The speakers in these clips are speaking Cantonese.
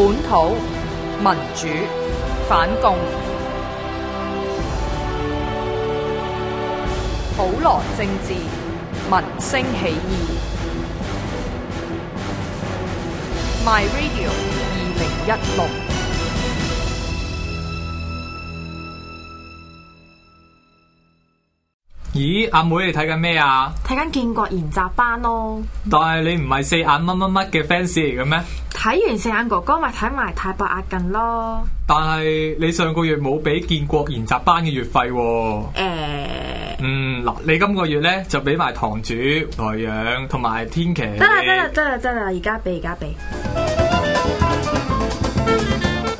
本土民主反共，普羅政治民聲起義。 My Radio 二零一六。咦，阿妹你睇緊咩啊？睇緊建國研習班咯。但係你唔係四眼乜乜乜嘅 fans 嚟嘅咩？睇完四眼哥哥咪睇埋太白壓近咯。但係你上個月冇俾建國研習班嘅月費。誒，uh, 嗯嗱，你今個月咧就俾埋堂主、來養同埋天奇。得啦得啦得啦得啦，而家俾而家俾。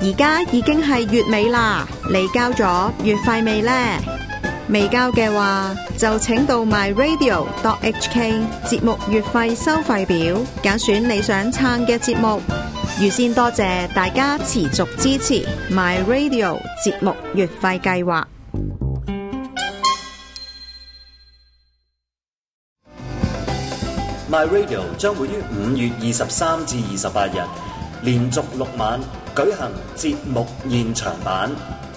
而家已經係月尾啦，你交咗月費未咧？未交嘅話，就請到 myradio.hk 節目月費收費表揀選你想撐嘅節目。預先多謝大家持續支持 myradio 節目月費計劃。myradio 將會於五月二十三至二十八日連續六晚舉行節目現場版。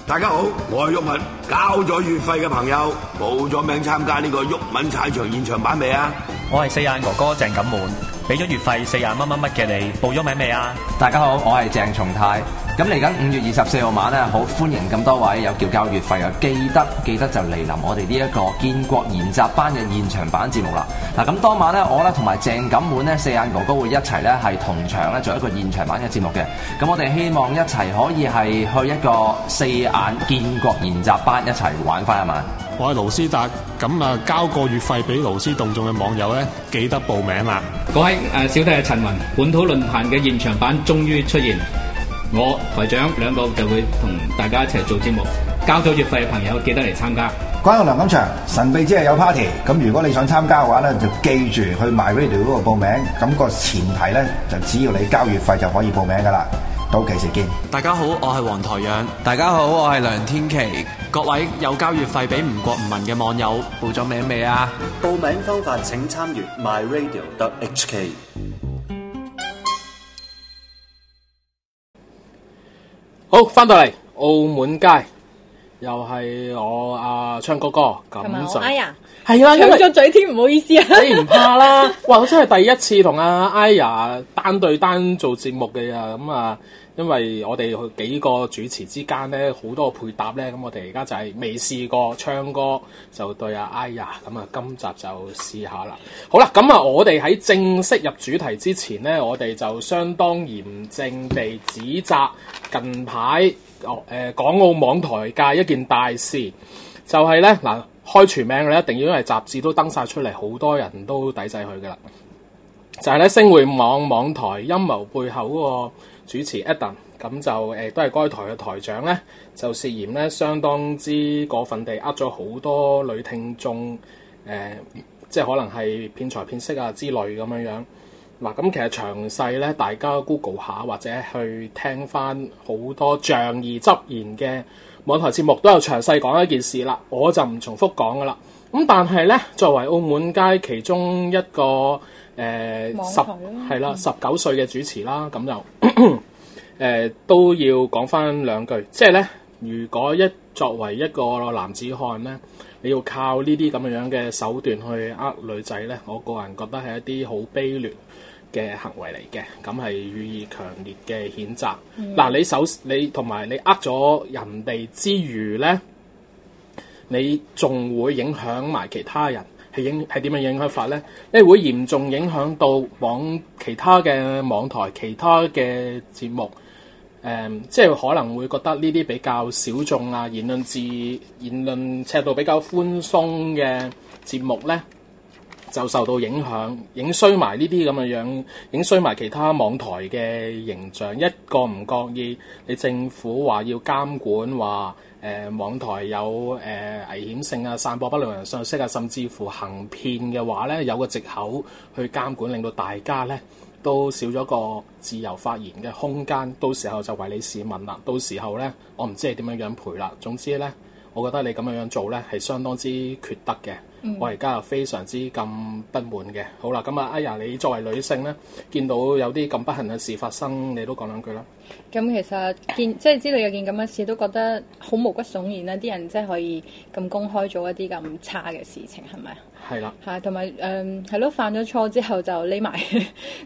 大家好，我係毓民，交咗月費嘅朋友，報咗名參加呢個毓民踩場現場版未啊？我係四眼哥哥鄭錦滿。俾咗月費四眼乜乜乜嘅你，報咗名未啊？大家好，我係鄭松泰。咁嚟緊五月二十四號晚呢，好歡迎咁多位有繳交月費啊。記得記得就嚟臨我哋呢一個建國研習班嘅現場版節目啦。嗱，咁當晚呢，我呢同埋鄭錦滿呢四眼哥哥會一齊呢係同場呢做一個現場版嘅節目嘅。咁我哋希望一齊可以係去一個四眼建國研習班一齊玩翻一晚。我係盧斯達，咁啊交個月費俾盧斯動眾嘅網友咧，記得報名啦。各位誒，小弟係陳雲，本土論壇嘅現場版終於出現，我台長兩個就會同大家一齊做節目。交咗月費嘅朋友記得嚟參加。各位梁錦祥，神秘之夜有 party，咁如果你想參加嘅話咧，就記住去 MyRadio 嗰度報名，咁個前提咧就只要你交月費就可以報名噶啦。到期時見大家好我台。大家好，我係黃台仰。大家好，我係梁天琦。各位有交月費俾吳國吳民嘅網友，報咗名未啊？報名方法請參閱 myradio.hk。好，翻到嚟澳門街，又係我阿鏘、啊、哥哥。咁啊，AYA 係啊，開咗咪添，唔好意思啊。你唔怕啦？哇， 我真係第一次同阿 AYA 單對單做節目嘅啊。咁、嗯、啊～、嗯嗯因為我哋幾個主持之間咧，好多配搭呢，咁、嗯、我哋而家就係未試過唱歌，就對啊！哎呀，咁、嗯、啊，今集就試下啦。好啦，咁、嗯、啊，我哋喺正式入主題之前呢，我哋就相當嚴正地指責近排誒、哦呃、港澳網台界一件大事，就係、是、呢。嗱，開全名咧，一定要因為雜誌都登晒出嚟，好多人都抵制佢㗎喇，就係、是、呢，星匯網網台陰謀背後嗰、那個。主持 Adam 咁就誒都係該台嘅台長咧，就涉嫌咧相當之過分地呃咗好多女聽眾誒、呃，即係可能係騙財騙色啊之類咁樣樣。嗱，咁其實詳細咧，大家 Google 下或者去聽翻好多仗義執言嘅網台節目都有詳細講一件事啦。我就唔重複講噶啦。咁但係咧，作為澳門街其中一個。誒、呃、十係啦， 的十九歲嘅主持啦，咁就誒、 呃、都要講翻兩句，即係咧，如果一作為一個男子漢咧，你要靠呢啲咁樣嘅手段去呃女仔咧，我個人覺得係一啲好卑劣嘅行為嚟嘅，咁係予以強烈嘅譴責。嗱、嗯，你首你同埋你呃咗人哋之餘咧，你仲會影響埋其他人。係影係點樣影響法呢？因為會嚴重影響到往其他嘅網台、其他嘅節目，呃、即係可能會覺得呢啲比較小眾啊、言論自言論尺度比較寬鬆嘅節目呢，就受到影響，影衰埋呢啲咁嘅樣，影衰埋其他網台嘅形象。一個唔覺意，你政府話要監管話。誒、呃、網台有誒、呃、危險性啊，散播不良人信息啊，甚至乎行騙嘅話咧，有個藉口去監管，令到大家咧都少咗個自由發言嘅空間。到時候就為你市民啦，到時候咧我唔知係點樣樣賠啦。總之咧，我覺得你咁樣樣做咧係相當之缺德嘅。嗯、我而家係非常之咁不滿嘅。好啦，咁啊，哎呀，你作為女性咧，見到有啲咁不幸嘅事發生，你都講兩句啦。咁、嗯、其實見即係知道有件咁嘅事，都覺得好毛骨悚然啦！啲人真係可以咁公開咗一啲咁差嘅事情，係咪？係啦的，係同埋誒，係、嗯、咯，犯咗錯之後就匿埋，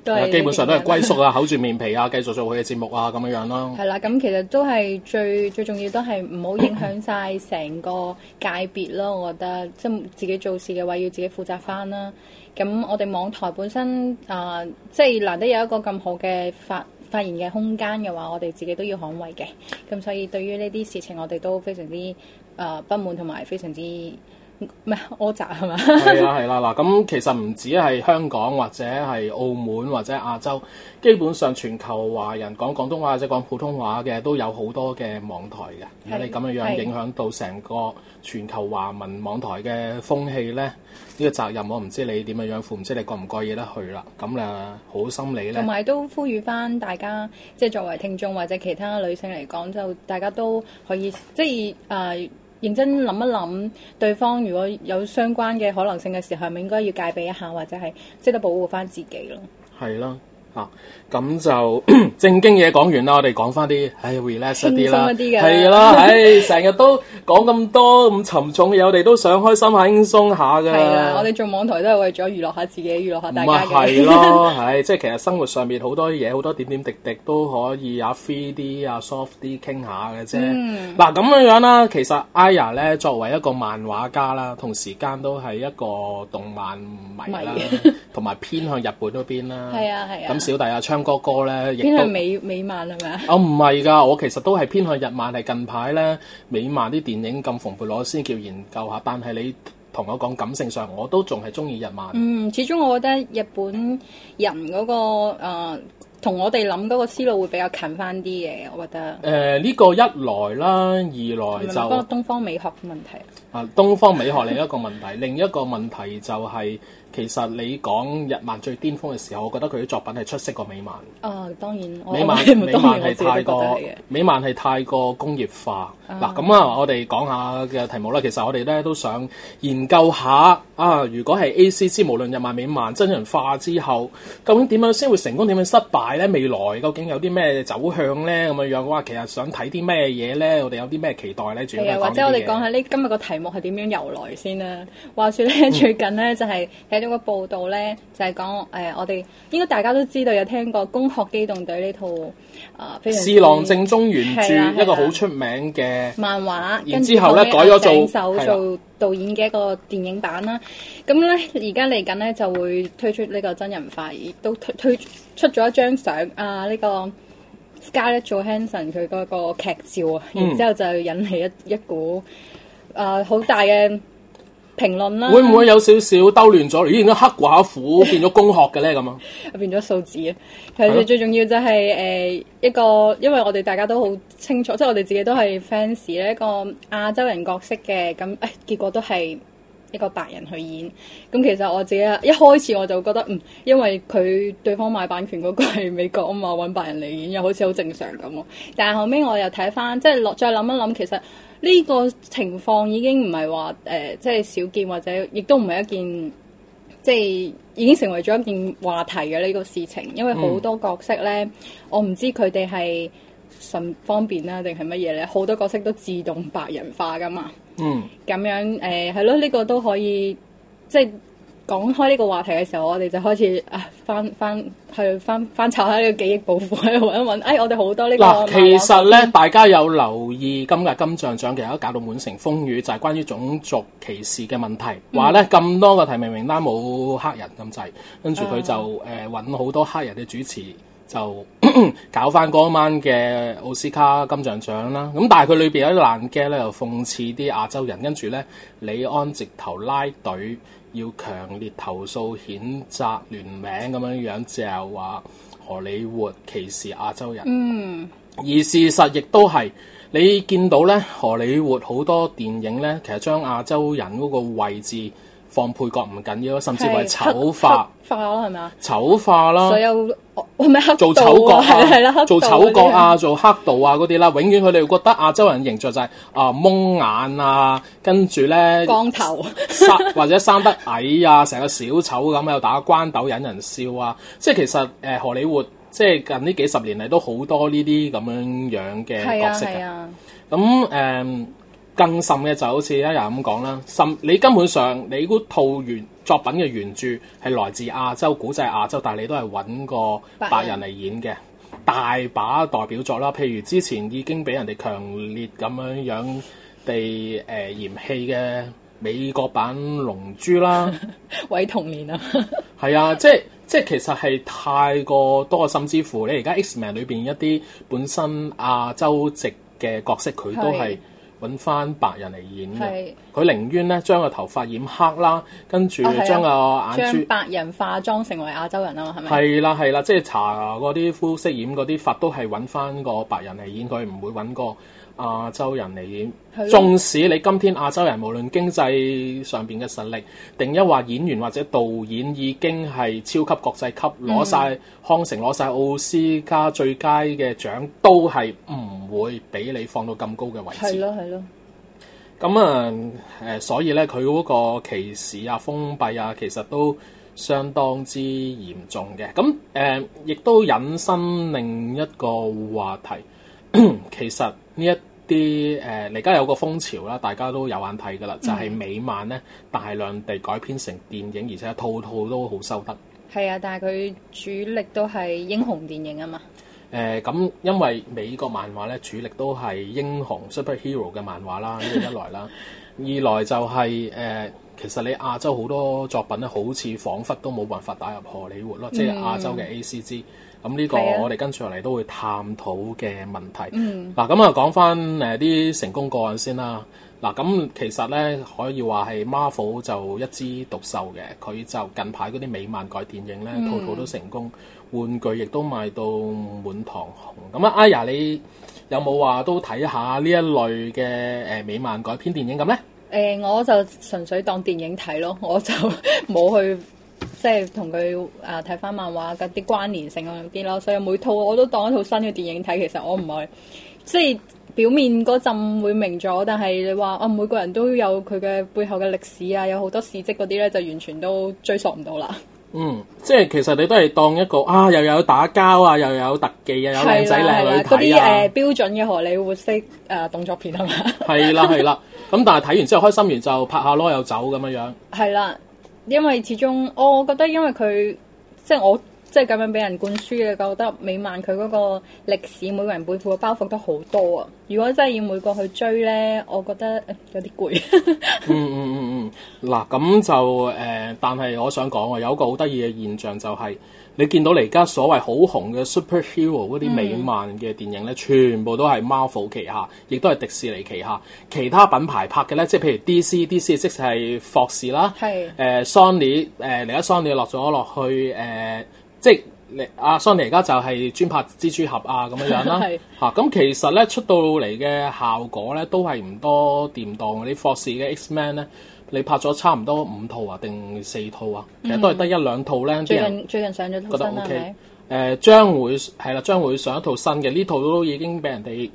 都係基本上都係龜縮啊，厚住面皮啊，繼續做佢嘅節目啊，咁樣樣咯。係啦，咁、嗯、其實都係最最重要，都係唔好影響晒成個界別咯。我覺得即係 自己做事嘅話，要自己負責翻啦。咁我哋網台本身啊、呃，即係難得有一個咁好嘅發。發言嘅空間嘅話，我哋自己都要捍衛嘅，咁所以對於呢啲事情，我哋都非常之誒、呃、不滿，同埋非常之。咩？柯宅係嘛？係啦，係 啦，嗱，咁其實唔止係香港或者係澳門或者亞洲，基本上全球華人講廣東話或者講普通話嘅都有好多嘅網台嘅，如果你咁樣樣影響到成個全球華文網台嘅風氣咧，呢個責任我唔知你點樣樣負，唔知你過唔過意得去啦。咁啊，好心理，咧。同埋都呼籲翻大家，即係作為聽眾或者其他女性嚟講，就大家都可以，即係啊。呃認真諗一諗，對方如果有相關嘅可能性嘅時候，係咪應該要戒備一下，或者係識得保護翻自己咯？係啦。啊，咁就正經嘢講完啦，我哋講返啲唉 relax 一啲啦，係啦，唉，成日都講咁多咁沉重嘅嘢，我哋都想開心下、輕鬆下㗎。係啊，我哋做網台都係為咗娛樂下自己、娛樂下大家嘅。咪係囉，唉，即係其實生活上面好多嘢，好多點點滴滴都可以啊 free 啲啊 soft 啲傾下嘅啫。嗱，咁樣樣啦，其實 AYA 咧作為一個漫畫家啦，同時間都係一個動漫迷啦，同埋偏向日本嗰邊啦。係啊係啊。小弟啊，鏘哥哥咧，亦都偏向美美漫係咪啊？哦，唔係㗎，我其實都係偏向日漫。係近排咧，美漫啲電影咁蓬勃，我先叫研究下。但係你同我講感性上，我都仲係中意日漫。嗯，始終我覺得日本人嗰、那個同、呃、我哋諗嗰個思路會比較近翻啲嘅，我覺得。誒、呃，呢、這個一來啦，二來就是不是不過東方美學問題。啊，東方美學另一個問題， 另一個問題就係、是。其實你講日漫最巔峰嘅時候，我覺得佢啲作品係出色過美漫。啊、哦，當然，美漫，美漫係太過，美漫係太過工業化。嗱咁啊，啊，我哋講下嘅題目啦。其實我哋咧都想研究下啊，如果係 A.C.C. 無論日萬免萬真人化之後，究竟點樣先會成功？點樣失敗咧？未來究竟有啲咩走向咧？咁樣樣哇，其實想睇啲咩嘢咧？我哋有啲咩期待咧？主要或者我哋講下呢今日個題目係點樣由來先啦，啊。話說咧，最近咧，嗯、就係睇到個報道咧，就係講誒，我哋應該大家都知道有聽過《工殼機動隊》呢套。啊！非常。士郎正宗原著、啊啊啊、一個好出名嘅漫畫，然後之後咧改咗做，押井守做導演嘅一個電影版啦。咁咧而家嚟緊咧就會推出呢個真人化，亦都推推出咗一張相啊。呢、呢個 Scarlett Johansson 佢嗰個劇照啊，然之後就引起一、嗯、一股啊好大嘅。評論啦，會唔會有少少兜亂咗？咦，都黑寡婦變咗工學嘅咧，咁啊變咗數字。 其實最重要就係、是、誒的一個，因為我哋大家都好清楚，即、就、係、是、我哋自己都係 fans 咧，一個亞洲人角色嘅咁，誒、哎、結果都係一個白人去演。咁其實我自己一開始我就覺得嗯，因為佢對方買版權嗰個係美國啊嘛，揾白人嚟演又好似好正常咁。但係後尾我又睇翻，即係落再諗一諗，其實。呢個情況已經唔係話誒，即係少見或者，亦都唔係一件，即係已經成為咗一件話題嘅呢、呢個事情。因為好多角色咧，嗯、我唔知佢哋係順方便啦定係乜嘢咧，好多角色都自動白人化噶嘛。嗯，咁樣誒，係、呃、咯，呢、呢個都可以即係。講開呢個話題嘅時候，我哋就開始啊翻翻去翻翻，翻查下呢個記憶部分，去揾一揾。哎，我哋好多呢、這個。嗱，其實咧，嗯、大家有留意今日金像獎其實搞到滿城風雨，就係、是、關於種族歧視嘅問題。話咧咁多個提名名單冇黑人咁滯，跟住佢就誒揾好多黑人嘅主持，就 搞翻嗰晚嘅奧斯卡金像獎啦。咁但係佢裏邊有啲爛 gag 咧，又諷刺啲亞洲人。跟住咧，李安直頭拉隊。拉隊要強烈投訴、譴責、聯名咁樣樣，就係話荷里活歧視亞洲人。嗯，而事實亦都係你見到咧，荷里活好多電影咧，其實將亞洲人嗰個位置。放配角唔緊要咯，甚至為醜化，化咯係咪啊？醜化啦，所有做丑角啊，係係做丑角啊，做黑道啊嗰啲啦，永遠佢哋會覺得亞洲人形象就係、係、啊蒙眼啊，跟住咧光頭， 或者生得矮啊，成個小丑咁，又打關斗引人笑啊。即係其實誒、啊、荷里活即係近呢幾十年嚟都好多呢啲咁樣樣嘅角色嘅。咁誒、啊。更甚嘅就好似一日咁講啦，甚你根本上你套原作品嘅原著係來自亞洲，古仔係亞洲，但係你都係揾個白人嚟演嘅，人大把代表作啦。譬如之前已經俾人哋強烈咁樣樣地誒嫌棄嘅美國版《龍珠》啦，毀童年啊！係 啊，即係即係其實係太過多，甚至乎你而家 X-Men 裏邊一啲本身亞洲籍嘅角色，佢都係，揾翻白人嚟演嘅，佢是寧願咧將個頭髮染黑啦，跟住將個眼珠白人化妝成為亞洲人啊嘛，係咪？係啦係啦，即係搽嗰啲膚色染嗰啲髮都係揾翻個白人嚟演，佢唔會揾個。亞洲人嚟，演，縱使你今天亞洲人無論經濟上邊嘅實力，定一話演員或者導演已經係超級國際級，攞晒、嗯、康城攞晒奧斯卡最佳嘅獎，都係唔會俾你放到咁高嘅位置。係咯，係咯。咁啊，誒、呃，所以呢，佢嗰個歧視啊、封閉啊，其實都相當之嚴重嘅。咁誒，亦、呃、都引申另一個話題。其實呢一啲誒，而、呃、家有個風潮啦，大家都有眼睇噶啦，嗯、就係美漫咧大量地改編成電影，而且套套都好收得。係啊，但係佢主力都係英雄電影啊嘛。誒、呃，咁因為美國漫畫咧主力都係英雄 Superhero 嘅漫畫啦，一來啦， 二來就係、是、誒、呃，其實你亞洲好多作品咧，好似仿佛都冇辦法打入荷里活咯，即係亞洲嘅 ACG、嗯。咁呢個我哋跟住落嚟都會探討嘅問題。嗱、嗯，咁啊講翻誒啲成功個案先啦。嗱、啊，咁其實咧可以話係 Marvel 就一枝獨秀嘅，佢就近排嗰啲美漫改電影咧，套套都成功，嗯、玩具亦都賣到滿堂紅。咁啊，AYA、哎、你有冇話都睇下呢一類嘅誒、呃、美漫改編電影咁咧？誒、呃，我就純粹當電影睇咯，我就冇去。即係同佢啊睇翻漫畫嘅啲關聯性嗰啲咯，所以每套我都當一套新嘅電影睇。其實我唔係即係表面嗰陣會明咗，但係你話啊，每個人都有佢嘅背後嘅歷史啊，有好多事蹟嗰啲咧，就完全都追溯唔到啦。嗯，即係其實你都係當一個啊，又有打交啊，又有特技啊，有靚仔靚女嗰啲誒標準嘅荷里活式誒動作片係嘛？係啦係啦，咁但係睇完之後開心完就拍下咯又走咁樣樣。係啦。因為始終，我覺得因為佢即係我即係咁樣俾人灌輸嘅，覺得美漫佢嗰個歷史，每個人背負嘅包袱都好多啊！如果真係要每個去追呢，我覺得有啲攰 嗯。嗯嗯嗯嗯，嗱、嗯、咁就誒、呃，但係我想講啊，有一個好得意嘅現象就係、是。你見到嚟而家所謂好紅嘅 Superhero 嗰啲美漫嘅電影咧，嗯、全部都係 Marvel 旗下，亦都係迪士尼旗下。其他品牌拍嘅咧，即係譬如 DC，DC DC 即係霍士啦，係誒、呃、Sony，誒、呃、而家 Sony 落咗落去誒、呃，即係阿、啊、Sony 而家就係專拍蜘蛛俠啊咁樣啦，嚇咁是、啊、其實咧出到嚟嘅效果咧都係唔多掂當，啲霍士嘅 Xman 咧。Man 呢你拍咗差唔多五套啊，定四套啊？其實都係得一兩套咧。最近人人最近上咗套覺得 OK？誒、嗯，將會係啦，將會上一套新嘅。呢套都已經俾人哋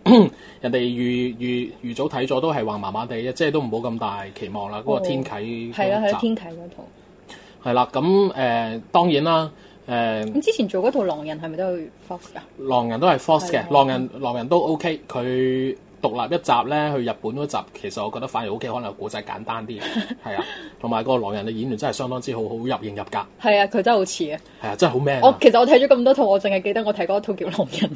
人哋預預預早睇咗，都係話麻麻地嘅，即係都唔好咁大期望啦。嗰、哦、個天啟係啊，係天啟嗰套。係啦，咁誒、呃，當然啦，誒、呃。咁之前做嗰套狼人係咪都係 Fox 啊？狼人都係 Fox 嘅，狼人狼人都 OK，佢。獨立一集咧，去日本嗰集，其實我覺得反而好 k 可能，故仔簡單啲，係啊，同埋個狼人嘅演員真係相當之好好，入型入格，係啊，佢真係好似啊。係啊，真係好咩？我其實我睇咗咁多套，我淨係記得我睇嗰套叫狼人，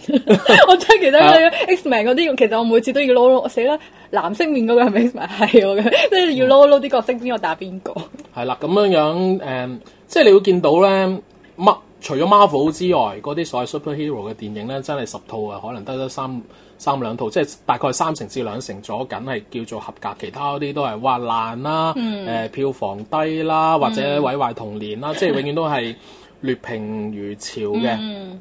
我真係其得嗰啲 Xman 嗰啲，其實我每次都要撈撈，死啦！藍色面嗰個 x 咪？a n 係我嘅，即係要撈撈啲角色，邊個打邊個？係啦，咁樣樣誒，即係你會見到咧 m 除咗 Marvel 之外，嗰啲所謂 superhero 嘅電影咧，真係十套啊，可能得得三。三兩套，即係大概三成至兩成咗緊係叫做合格，其他嗰啲都係嘩爛啦、誒、嗯呃、票房低啦，或者毀壞童年啦，嗯、即係永遠都係劣評如潮嘅。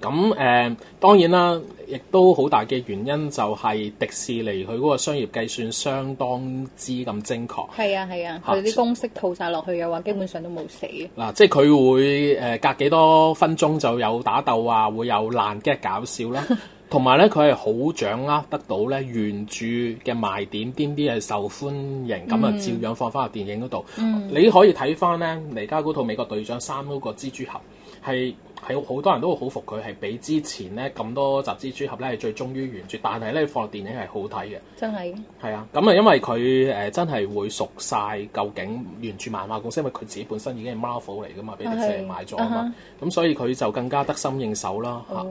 咁誒、嗯呃、當然啦，亦都好大嘅原因就係迪士尼佢嗰個商業計算相當之咁精確。係啊，係啊，佢啲、啊、公式套晒落去嘅話，基本上都冇死。嗱、嗯，即係佢會誒隔幾多分鐘就有打鬥啊，會有爛 gag 搞笑啦。 同埋咧，佢係好掌握得到咧原著嘅賣點，邊啲係受歡迎，咁啊照樣放翻入電影嗰度。嗯、你可以睇翻咧，嚟家嗰套美國隊長三嗰個蜘蛛俠係。係好多人都好服佢，係比之前咧咁多集蜘蛛俠咧，係最忠於原著。但係咧，放電影係好睇嘅，真係是。係啊，咁啊，因為佢誒、呃、真係會熟晒，究竟原著漫畫公司，因為佢自己本身已經係 Marvel 嚟噶嘛，俾迪士尼買咗啊嘛，咁、啊 uh huh. 所以佢就更加得心應手啦。吓、oh.，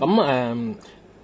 咁、呃、誒，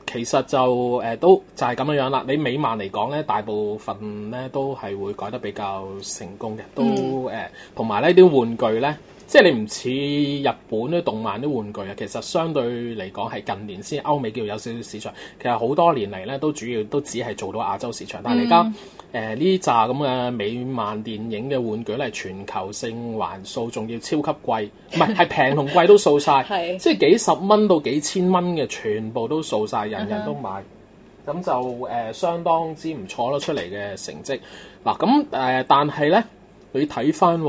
其實就誒、呃、都就係咁樣樣啦。你美漫嚟講咧，大部分咧都係會改得比較成功嘅，都誒，同埋、嗯呃、呢啲玩具咧。即係你唔似日本啲動漫啲玩具啊，其實相對嚟講係近年先歐美叫做有少少市場。其實好多年嚟咧都主要都只係做到亞洲市場，但係而家誒呢扎咁嘅美漫電影嘅玩具咧，全球性還掃，仲要超級貴，唔係係平同貴都掃晒， 是即係幾十蚊到幾千蚊嘅全部都掃晒，人人都買，咁、uh huh. 就誒、呃、相當之唔錯咯出嚟嘅成績。嗱咁誒，但係咧你睇翻。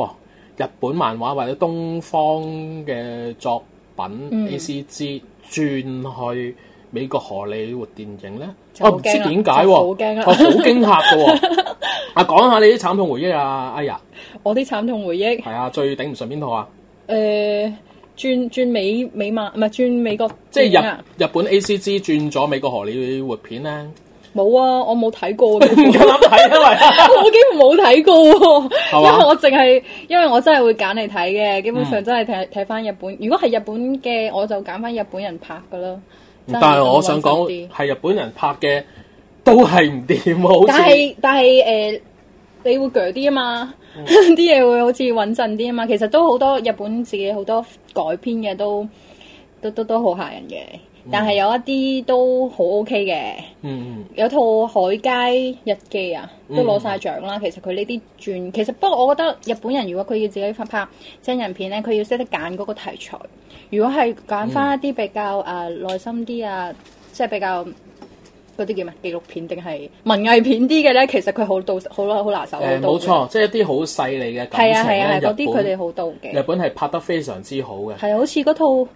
日本漫畫或者東方嘅作品，A C G、嗯、轉去美國荷里活電影咧，我唔知點解喎，好驚啊，好驚嚇㗎喎。 啊，講下你啲慘痛回憶啊，哎呀，我啲慘痛回憶，係啊，最頂唔順邊套啊？誒、呃，轉轉美美漫唔係轉美國、啊，即係日日本 A C G 轉咗美國荷里活片咧。冇啊，我冇睇過。你唔敢睇，啊、因為我幾乎冇睇過。因為我淨係，因為我真係會揀嚟睇嘅。基本上真係睇睇翻日本。如果係日本嘅，我就揀翻日本人拍嘅咯。但係我想講，係日本人拍嘅都係唔掂，好似。但係但係誒，你會鋸啲啊嘛？啲嘢，、嗯、 會好似穩陣啲啊嘛？其實都好多日本自己好多改編嘅都都都都好吓人嘅。但係有一啲都好 O K 嘅，嗯、有套海街日記啊，嗯、都攞晒獎啦。嗯、其實佢呢啲轉，其實不過我覺得日本人如果佢要自己拍拍真人片咧，佢要識得揀嗰個題材。如果係揀返一啲比較誒、嗯呃、內心啲啊，即、就、係、是、比較嗰啲叫咩紀錄片定係文藝片啲嘅咧，其實佢好到好咯，好拿手、欸。冇錯，即係一啲好細膩嘅感情咧，嗰啲佢哋好到嘅。日本係拍得非常之好嘅。係啊，好似嗰套。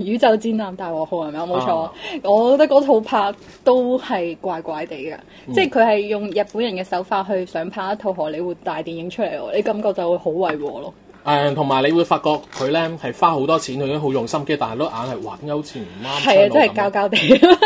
宇宙戰艦大和號係咪啊？冇錯，我覺得嗰套拍都係怪怪地嘅，嗯、即係佢係用日本人嘅手法去想拍一套荷里活大電影出嚟喎，你感覺就會好違和咯。誒，同埋、嗯、你會發覺佢咧係花好多錢，佢都好用心機，但係碌眼係哇，啲錢唔啱，係真係膠膠地，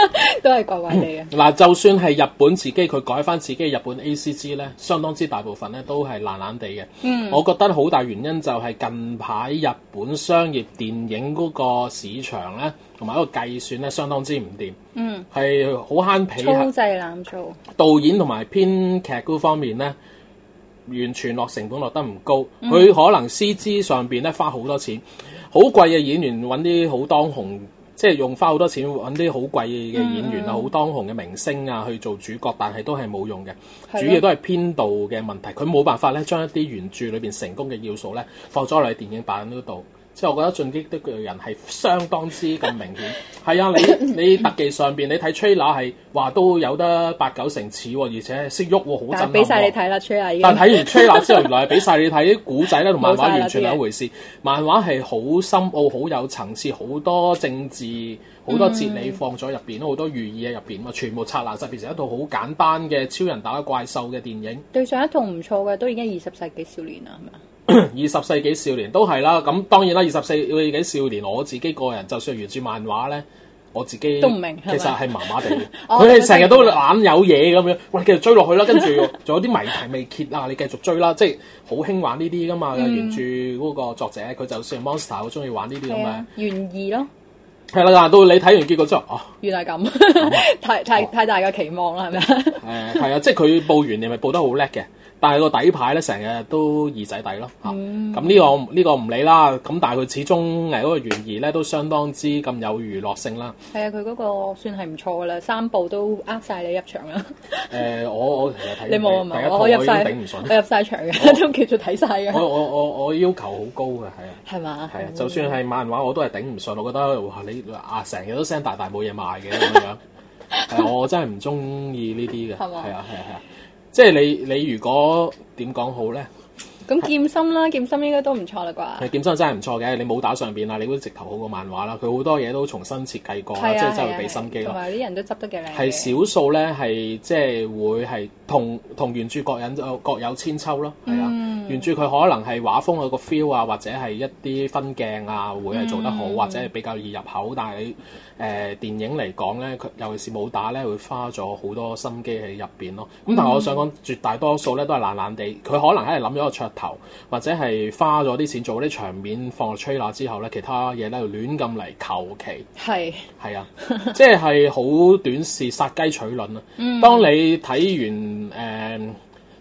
都係怪怪地嘅。嗱、嗯，就算係日本自己，佢改翻自己嘅日本 ACG 咧，相當之大部分咧都係爛爛地嘅。嗯，我覺得好大原因就係近排日本商業電影嗰個市場咧，同埋一個計算咧，相當之唔掂。嗯，係好慳皮，粗製濫造。導演同埋編劇嗰方面咧。完全落成本落得唔高，佢可能 CG 上邊咧花好多錢，好貴嘅演員揾啲好當紅，即係用花好多錢揾啲好貴嘅演員啊，好、嗯、當紅嘅明星啊去做主角，但係都係冇用嘅，的主要都係編導嘅問題，佢冇辦法咧將一啲原著裏邊成功嘅要素咧放咗落去電影版嗰度。即係我覺得進擊的巨人係相當之咁明顯，係啊！ 你你特技上邊，你睇 trailer 係話都有得八九成似喎，而且係識喐喎，好震撼。但係俾曬你睇啦，trailer。 但係睇完 trailer 之後，原來係俾晒你睇啲古仔啦，同漫畫完全兩回事。漫畫係好深奧、好有層次、好多政治、好多哲理放咗入邊，好、嗯、多寓意喺入邊，全部拆爛晒，變成一套好簡單嘅超人打怪獸嘅電影。對上一套唔錯嘅，都已經二十世紀少年啦，係咪啊？二十世紀少年都係啦，咁、嗯、當然啦。二十世世紀少年，我自己個人就算係原著漫畫咧，我自己都唔明，其實係麻麻地。佢係成日都懶有嘢咁樣，喂，繼續追落去啦。跟住仲有啲謎題未揭啦， 你繼續追啦。即係好興玩呢啲噶嘛，嗯、原著嗰個作者佢就算 monster 好中意玩呢啲咁樣，懸、啊、疑咯。係啦，到你睇完結果之後，哦、啊，原來咁， 太太太大嘅期望啦，係咪？ 誒，係啊、 呃，即係佢報完完，你咪報得好叻嘅。但係個底牌咧，成日都二仔底咯嚇。咁呢個呢個唔理啦。咁但係佢始終誒嗰個懸疑咧，都相當之咁有娛樂性啦。係啊，佢嗰個算係唔錯嘅啦，三部都呃晒你入場啦。誒、呃，我我其實睇你大家已經頂唔順，我入晒場嘅，都繼續睇晒嘅。我我我我要求好高嘅，係我 啊。係嘛嗎？係啊，就算係漫畫，我都係頂唔順。我覺得你啊成日都聲大大冇嘢賣嘅咁樣，係、 啊、我真係唔中意呢啲嘅。係嗎啊，係啊，係啊。即係你你如果點講好咧？咁劍心啦，是劍心應該都唔錯啦啩。劍心真係唔錯嘅，你武打上邊啊，你都直頭好過漫畫啦。佢好多嘢都重新設計過，啊、即係真係、啊啊、會俾心機咯。同埋啲人都執得嘅。係少數咧，係即係會係同同原著各人各有千秋咯。係啊，原、嗯、著佢可能係畫風佢個 feel 啊，或者係一啲分鏡啊，會係做得好，嗯、或者係比較易入口，但係。誒、呃、電影嚟講咧，佢尤其是武打咧，會花咗好多心機喺入邊咯。咁但係我想講，絕大多數咧都係爛爛地，佢可能喺度諗咗個噱頭，或者係花咗啲錢做啲場面，放個吹 r 之後咧，其他嘢咧就亂咁嚟求其。係係是啊， 即係好短視殺雞取卵啊！當你睇完誒、呃、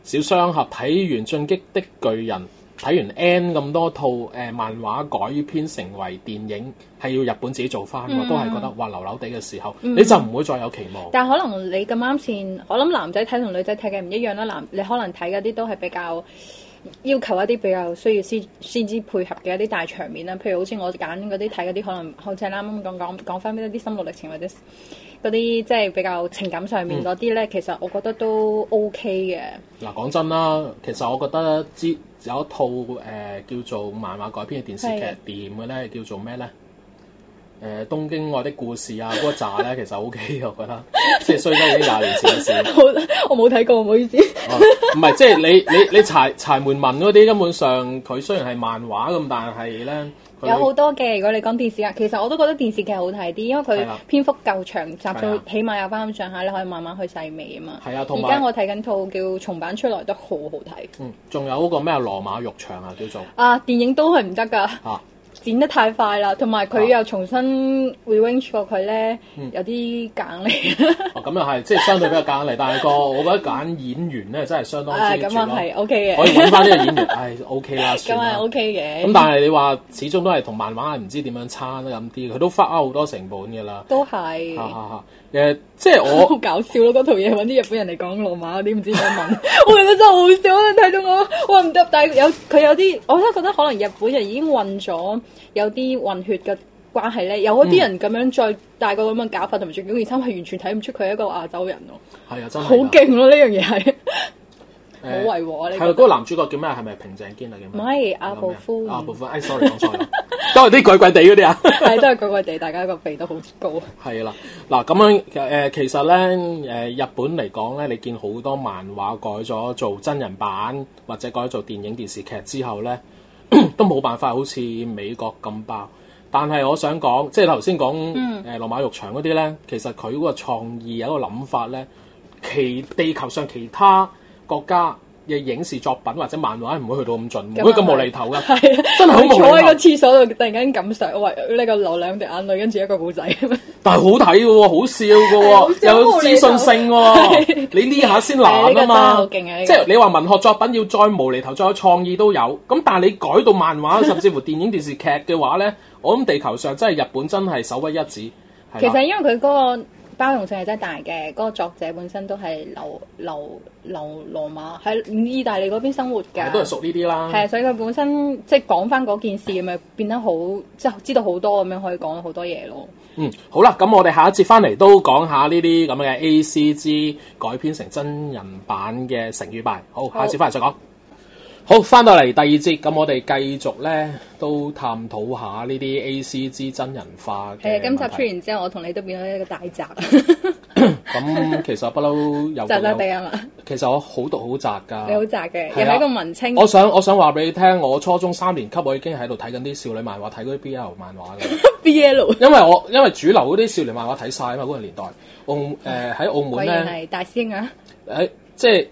小雙俠，睇完進擊的巨人。睇完 N 咁多套誒、呃、漫畫改編成為電影，係要日本自己做翻，我、嗯、都係覺得哇流流地嘅時候，嗯、你就唔會再有期望。但可能你咁啱先，我諗男仔睇同女仔睇嘅唔一樣啦。男你可能睇嗰啲都係比較要求一啲比較需要 CG 配合嘅一啲大場面啦。譬如好似我揀嗰啲睇嗰啲，可能好似啱啱咁講講翻一啲心路歷程或者嗰啲即係比較情感上面嗰啲咧，嗯、其實我覺得都 OK 嘅。嗱講、嗯、真啦，其實我覺得之。有一套誒、呃、叫做漫畫改編嘅電視劇掂嘅咧，的叫做咩咧？誒、呃《東京愛的故事》啊，嗰扎咧其實好 OK，我覺得即係雖則已經廿年前嘅事。我我冇睇過，唔好意思。唔 係、哦，即係你你你，你柴柴門文嗰啲，根本上佢雖然係漫畫咁，但係咧。有好多嘅，如果你講電視劇，其實我都覺得電視劇好睇啲，因為佢篇幅夠長，集數的起碼有翻咁上下，你可以慢慢去細味啊嘛。係啊。而家我睇緊套叫重版出來都好好睇。嗯，仲有嗰個咩《羅馬浴場》啊，叫做啊，電影都係唔得噶。啊剪得太快啦，同埋佢又重新 revenge 過佢咧，嗯、有啲揀嚟。咁又係，即係相對比較揀嚟， 但係個我覺得揀演員咧真係相當。係咁又係 OK 嘅， 可以揾翻呢個演員，係、哎、OK 啦。咁係 OK 嘅。咁、嗯、但係你話始終都係同漫畫係唔知點樣差咁啲，佢都花好多成本㗎啦。都係是。嚇、啊啊、即係我。 好搞笑咯、啊！嗰套嘢揾啲日本人嚟講羅馬嗰啲唔知點問， 我覺得真係好少我睇到我，我唔得，但係有佢有啲，我都覺得可能日本人已經混咗。有啲混血嘅關係咧，有啲人咁樣再戴個咁樣假髮同埋着件衫，係完全睇唔出佢係一個亞洲人咯。係啊，真係好勁咯！呢樣嘢係好冇違和啊，係嗰個男主角叫咩？係咪平井堅啊？叫咩？唔係阿布夫，阿布夫，I，sorry，講錯咗，都係啲鬼鬼地嗰啲啊，係、哎、 都係鬼鬼地，大家個鼻都好高。係啦、啊，嗱咁樣誒，其實咧誒，日本嚟講咧，你見好多漫畫改咗做真人版或者改咗做電影電視劇之後咧。 都冇辦法好似美國咁爆，但係我想講，即係頭先講誒，羅、呃、馬浴場嗰啲咧，其實佢嗰個創意有一個諗法咧，其地球上其他國家嘅影視作品或者漫畫唔會去到咁盡，唔會咁無厘頭噶，的真係好無厘頭。我喺個廁所度突然間咁想，喂，呢個流兩滴眼淚，跟住一個古仔。 但係好睇嘅喎，好笑嘅喎、哦，有，有資訊性喎、哦。的你呢下先難啊嘛，即係你話文學作品要再無厘頭，再有創意都有。咁但係你改到漫畫，甚至乎電影電視劇嘅話呢， 我諗地球上真係日本真係首屈一指。其實因為佢嗰、那個。包容性係真係大嘅，嗰個作者本身都係流流流羅馬喺意大利嗰邊生活嘅，都係熟呢啲啦。係啊，所以佢本身即係講翻嗰件事咁咪變得好即係知道好多咁樣，可以講好多嘢咯。嗯，好啦，咁我哋下一節翻嚟都講下呢啲咁嘅 A C G 改編成真人版嘅成與敗。好，好下次翻嚟再講。好，翻到嚟第二節，咁我哋繼續咧，都探討下呢啲 A C G 真人化嘅。係今集出完之後，我同你都變咗一個大宅。咁其實不嬲有。宅地係嘛？其實我, 其實我好毒好宅噶。你好宅嘅，又係一個文青、啊？我想我想話俾你聽，我初中三年級我已經喺度睇緊啲少女漫畫，睇嗰啲 B L 漫畫嘅。B L。因為我因為主流嗰啲少女漫畫睇晒啊嘛，嗰個年代澳誒喺澳門咧。係 大師兄啊。喺、哎、即係。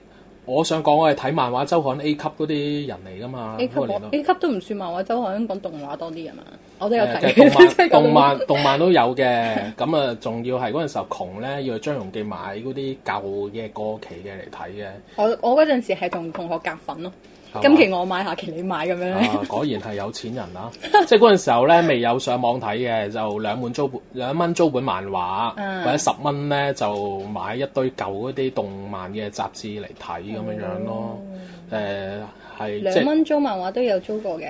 我想講，我係睇漫畫周刊 A 級嗰啲人嚟噶嘛，A 級 A 級都唔算漫畫周刊，講動畫多啲啊嘛，我都有睇。嗯、 動漫， 動，漫動漫都有嘅，咁 啊，仲要係嗰陣時候窮咧，要去張榮記買嗰啲舊嘅過期嘅嚟睇嘅。我我嗰陣時係同同學夾份咯。今期我買，下期你買咁樣咧。啊，果然係有錢人啦、啊！ 即係嗰陣時候咧，未有上網睇嘅，就兩本租本，兩蚊租本漫畫，嗯、或者十蚊咧就買一堆舊嗰啲動漫嘅雜誌嚟睇咁樣樣咯。誒、嗯、～、呃兩蚊租漫畫都有租過嘅，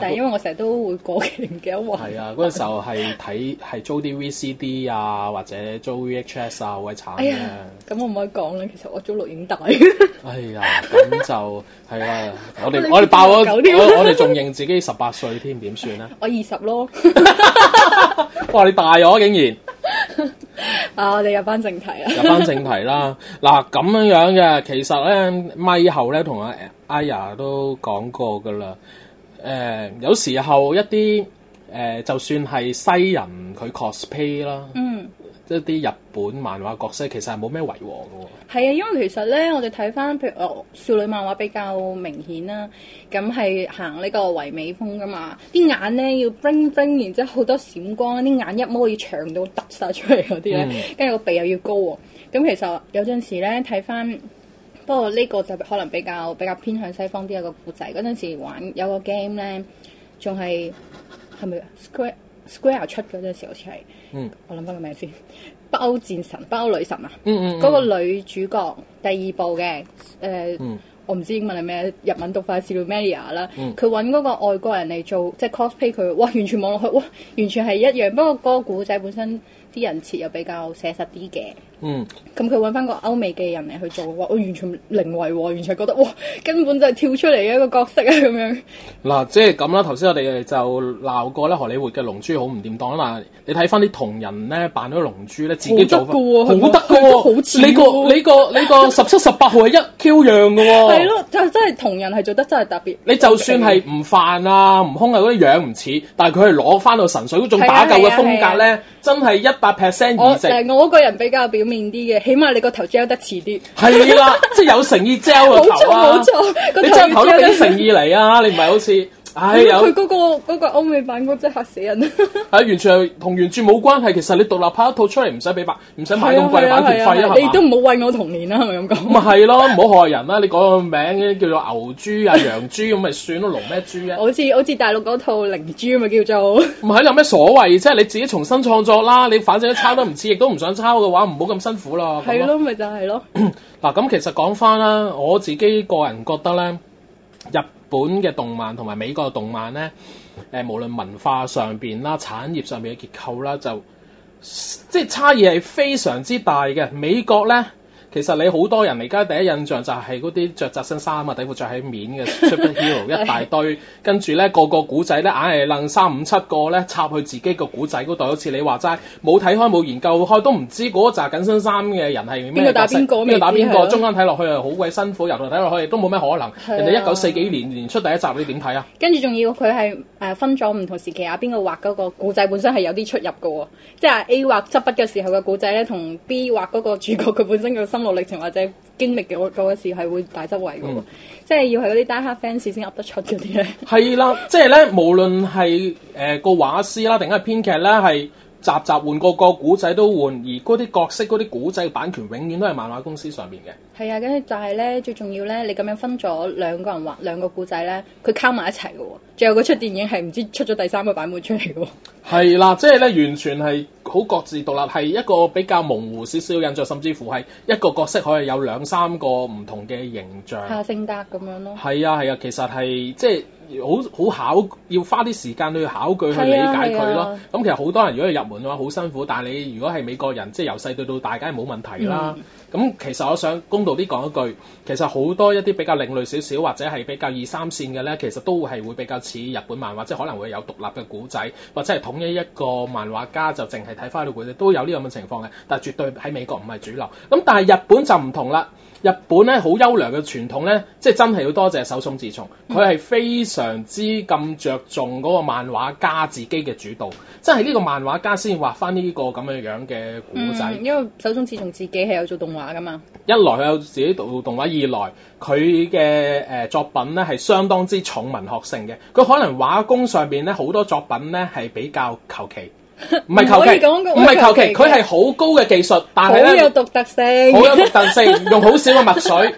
但係因為我成日都會過期唔記得還。係啊，嗰陣時候係睇係租啲 VCD 啊，或者租 VHS 啊，好鬼慘嘅。咁我唔可以講咧，其實我租錄影帶。哎呀，咁就係啦，我哋我哋爆咗，我我哋仲認自己十八歲添，點算咧？我二十咯。哇，你大咗竟然！啊，我哋入翻正題啊。入翻正題啦，嗱咁樣樣嘅，其實咧，咪以後咧同阿。AYA、哎、都講過噶啦，誒、呃、有時候一啲誒、呃、就算係西人佢 cosplay 啦，嗯，即係啲日本漫畫角色其實係冇咩違和嘅喎。係啊，因為其實咧，我哋睇翻譬如少女漫畫比較明顯啦，咁係行呢個唯美風噶嘛，啲眼咧要冰冰，然之後好多閃光，啲眼一摸要長到凸晒出嚟嗰啲咧，跟住個鼻又要高喎、啊。咁其實有陣時咧睇翻。不過呢個就可能比較比較偏向西方啲一個故仔。嗰陣時玩有個 game 咧，仲係係咪 Square Square 出嗰陣時好似係，嗯、我諗翻個名先，北歐戰神北歐女神啊，嗰、嗯嗯、個女主角第二部嘅，誒、呃嗯、我唔知英文係咩，日文讀法係 Silmeria 啦，佢揾嗰個外國人嚟做，即係 cosplay 佢，哇完全望落去，哇完全係一樣，不過嗰個故仔本身啲人設又比較寫實啲嘅。嗯，咁佢揾翻個歐美嘅人嚟去做嘅話，我完全零維，完全覺得哇，根本就係跳出嚟嘅一個角色啊咁樣。嗱，即係咁啦，頭先我哋就鬧過咧，荷里活嘅龍珠好唔掂當吖嘛。你睇翻啲同人咧，扮咗龍珠咧，自己做，好得噶喎，好得噶喎，你個你個你個十七十八號係一 Q 樣噶喎。係咯，就真係同人係做得真係特別。你就算係悟飯啊、悟空啊嗰啲樣唔似，但係佢係攞翻到神水嗰種打舊嘅風格咧，真係一百 percent 以成。我個人比較表。一面啲嘅，起碼你個 ś 1 reference 頭遮得遲啲。係啦，即係有誠意遮。啊！冇錯，冇 Subst 錯 itute，你遮個頭都俾啲誠意嚟啊！你唔係好似～ifier 哎呀，佢嗰個嗰歐美版嗰真係嚇死人啊！係啊，完全係同原著冇關係。其實你獨立拍一套出嚟，唔使俾百，唔使買咁貴版權費啊嘛。你都唔好毀我童年啦，係咪咁講？咪係咯，唔好害人啦！你講個名叫做牛豬啊、羊豬咁，咪算咯，龍咩豬啊？好似好似大陸嗰套《靈豬》咪叫做？唔係有咩所謂？即係你自己重新創作啦！你反正都抄得唔似，亦都唔想抄嘅話，唔好咁辛苦咯。係咯，咪就係咯。嗱，咁其實講翻啦，我自己個人覺得咧，入本嘅動漫同埋美國嘅動漫咧，誒無論文化上邊啦、產業上邊嘅結構啦，就即係差異係非常之大嘅。美國咧。其實你好多人而家第一印象就係嗰啲着紮身衫啊、底褲着喺面嘅 superhero 一大堆， 跟住咧個個古仔咧硬係擸三五七個咧插去自己個古仔嗰度，好似你話齋冇睇開冇研究開，都唔知嗰紮緊身衫嘅人係咩色，邊個打邊個，邊個打邊個，的中間睇落去啊好鬼辛苦，由頭睇落去都冇咩可能。的人哋一九四幾年年，年出第一集，你點睇啊？跟住仲要佢係誒分咗唔同時期啊，邊個畫嗰個古仔本身係有啲出入嘅喎，即係 A 畫執筆嘅時候嘅古仔咧，同 B 畫嗰個主角佢本身嘅 身。工作歷程或者經歷嘅嗰個事係會大執遺嘅喎，嗯、即係要係嗰啲 d 黑 fans 先噏得出嗰啲咧。係啦， 即係咧，無論係誒個畫師啦，定係編劇咧，係。集集換個個古仔都換，而嗰啲角色嗰啲古仔嘅版權永遠都係漫畫公司上面嘅。係啊，跟住就係咧，最重要咧，你咁樣分咗兩個人畫兩個古仔咧，佢溝埋一齊嘅喎。最後嗰出電影係唔知出咗第三個版本出嚟嘅喎。係啦，即係咧，完全係好各自獨立，係一個比較模糊少少印象，甚至乎係一個角色可以有兩三個唔同嘅形象。性格咁樣咯。係啊，係啊，其實係即係。好好考，要花啲時間去考據、啊、去理解佢咯。咁、啊、其實好多人如果你入門嘅話，好辛苦。但係你如果係美國人，即係由細到到大，梗係冇問題啦。嗯。咁其實我想公道啲講一句，其實好多一啲比較另類少少或者係比較二三線嘅咧，其實都係會比較似日本漫畫，即係可能會有獨立嘅古仔，或者係統一一個漫畫家就淨係睇翻嗰個古仔，都有呢咁嘅情況嘅。但係絕對喺美國唔係主流。咁但係日本就唔同啦，日本咧，好優良嘅傳統咧，即係真係要多謝手冢治蟲，佢係非常之咁着重嗰個漫畫家自己嘅主導，即係呢個漫畫家先畫翻呢個咁樣樣嘅古仔。因為手冢治蟲自己係有做動畫。畫一來佢有自己做動畫，二來佢嘅誒作品咧係相當之重文學性嘅，佢可能畫工上邊咧好多作品咧係比較求其。唔係求其，唔係求其，佢係好高嘅技術，但係咧好有獨特性，好有獨特性，用好少嘅墨水，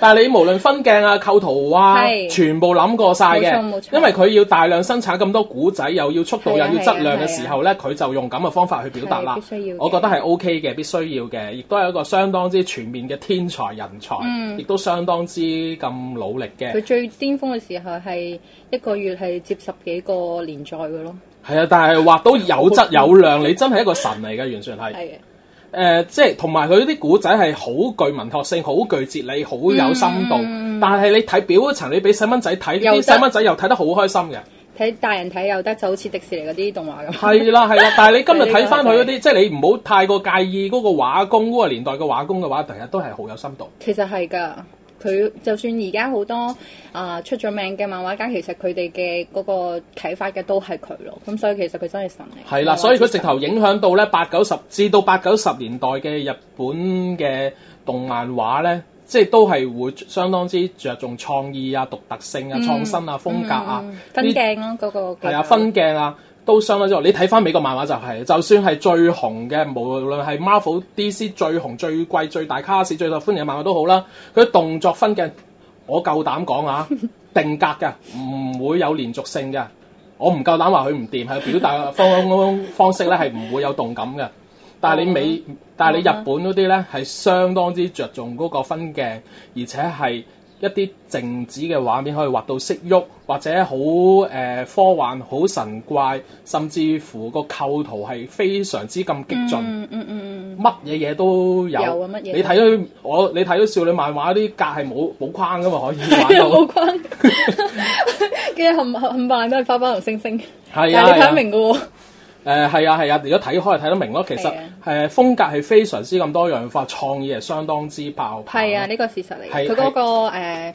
但係你無論分鏡啊、構圖啊，全部諗過晒嘅，因為佢要大量生產咁多古仔，又要速度又要質量嘅時候咧，佢就用咁嘅方法去表達啦。必須要。我覺得係 OK 嘅，必須要嘅，亦都係一個相當之全面嘅天才人才，亦都相當之咁努力嘅。佢最巔峰嘅時候係一個月係接十幾個連載嘅咯。係啊，但係畫到有質有量， 你真係一個神嚟嘅，完全係。係誒的、呃，即係同埋佢啲古仔係好具文學性，好具哲理，好有深度。嗯、但係你睇表嗰層，你俾細蚊仔睇，細蚊仔又睇得好開心嘅。睇大人睇又得，就好似迪士尼嗰啲動畫咁。係啦， 係啦，但係你今日睇翻佢嗰啲，即係 你唔好太過介意嗰個畫工，嗰、嗰個年代嘅畫工嘅話，第日都係好有深度。其實係噶。佢就算而家好多啊、呃、出咗名嘅漫畫家，其實佢哋嘅嗰個啟發嘅都係佢咯。咁所以其實佢真係神嚟，係啦的，所以佢直頭影響到咧八九十至到八九十年代嘅日本嘅動漫畫咧，即係都係會相當之着重創意啊、獨特性啊、嗯、創新啊、風格啊，嗯、這分鏡咯嗰個。係啊，這分鏡啊。都相當之好。你睇翻美國漫畫就係、是，就算係最紅嘅，無論係 Marvel、DC 最紅、最貴、最大卡士、最受歡迎嘅漫畫都好啦。佢動作分鏡，我夠膽講啊，定格嘅，唔會有連續性嘅。我唔夠膽話佢唔掂，係表達方方式咧，係唔會有動感嘅。但係你美，但係你日本嗰啲咧，係相當之着重嗰個分鏡，而且係。一啲靜止嘅畫面可以畫到識喐，或者好誒、呃、科幻、好神怪，甚至乎個構圖係非常之咁激進，乜嘢嘢都有。有你睇到我，你睇到少女漫畫啲格係冇冇框噶嘛？可以畫到冇、啊、框嘅冚冚唪唥都係花瓣同星星，但係、啊、 你睇得明嘅誒係、呃、啊係啊，如果睇開睇得明咯，其實誒的、呃、風格係非常之咁多樣化，創意係相當之爆棚。係啊，呢、呢個事實嚟。嘅的。佢嗰、那個的